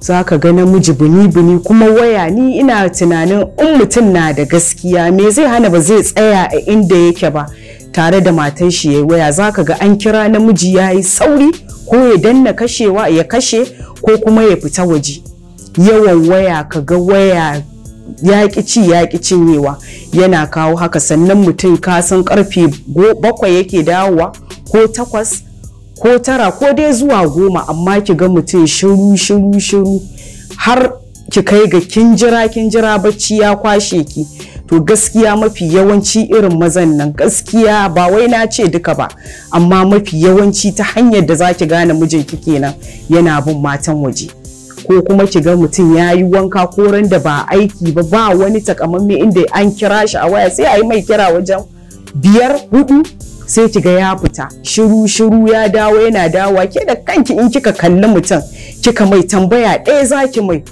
za ka ga namiji bini-bini kuma waya ni ina tunanin in mutum na da gaskiya me zai hana ba zai tsaya a inda yake ba tare da matan shi yayi waya za ka ga an kira namiji ya yi sauri ko ya danna kashewa ya kashe ko kuma ya fita waje yawan waya ka ga waya yaƙi ci yaƙi cinyewa yana kawo haka sannan mutum kasan karfe bakwai yake dawowa ko takwas ko tara ko dai zuwa goma amma ki ga mutum shiru shiru shiru har ki kai ga kin jira kin jira bacci ya kwashe ki to gaskiya mafi yawanci irin mazan nan gaskiya ba wai na ce duka ba amma mafi yawanci ta hanyar da zaki gane mijin ki kenan yana bin matan waje ko kuma ki ga mutum ya yi wanka ko ran da ba aiki ba ba wani takamamme inda an kira shi a waya sai a yi mai kira wajen biyar hudu sai ki ga ya fita shiru shiru ya dawo yana dawo ke da kanki in kika kalli mutum kika mai tambaya ɗaya eh, zaki mai